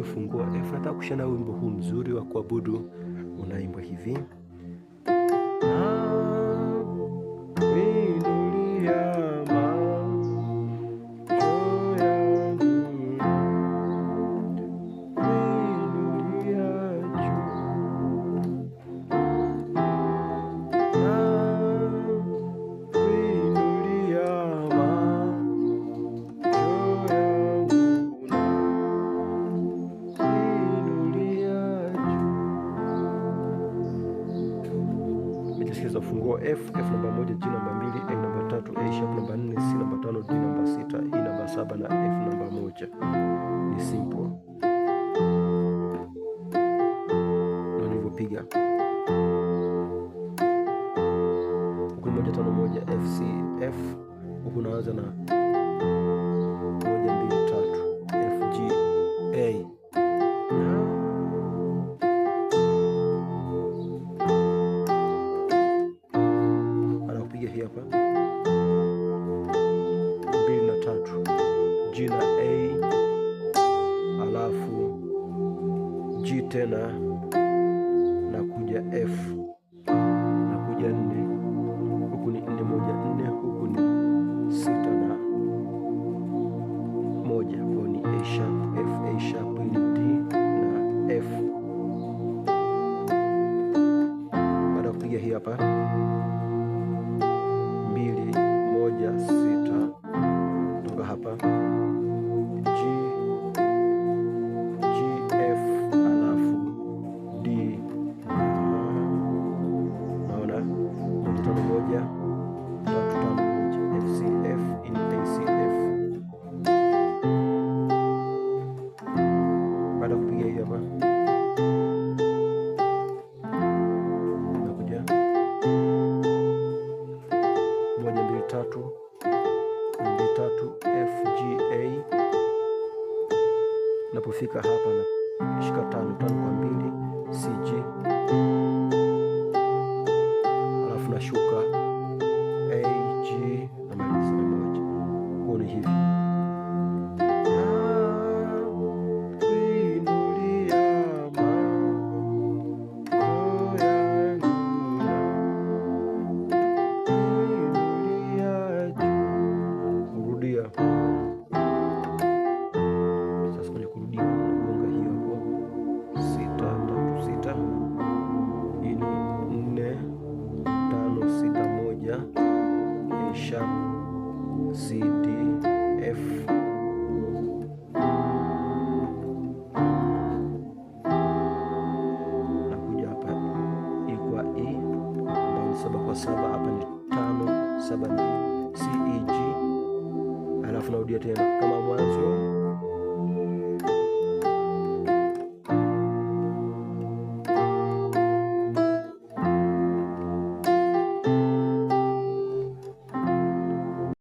kunifungua. Eh, Efatha kushana wimbo huu mzuri wa kuabudu, unaimbwa hivi funguo F, F namba moja, G namba mbili, A namba tatu, A sharp namba nne, C namba tano, D namba sita, E namba saba na F namba moja. Ni simple ndio nilivyopiga huku moja tano moja, F C F huku naanza na alafu G tena na kuja F na kuja nne, huku ni nne moja nne, huku ni sita na moja, kwa ni A sharp F A sharp ni D na F. Baada ya kupiga hii hapa moja tatu tano moja F C F in A C F. Baada kupiga hapa nakuja moja mbili tatu mbili tatu F G A. Napofika hapa na tano tano kwa mbili C G saba kwa saba hapa ni tano saba mbili CEG, alafu narudia tena kama mwanzo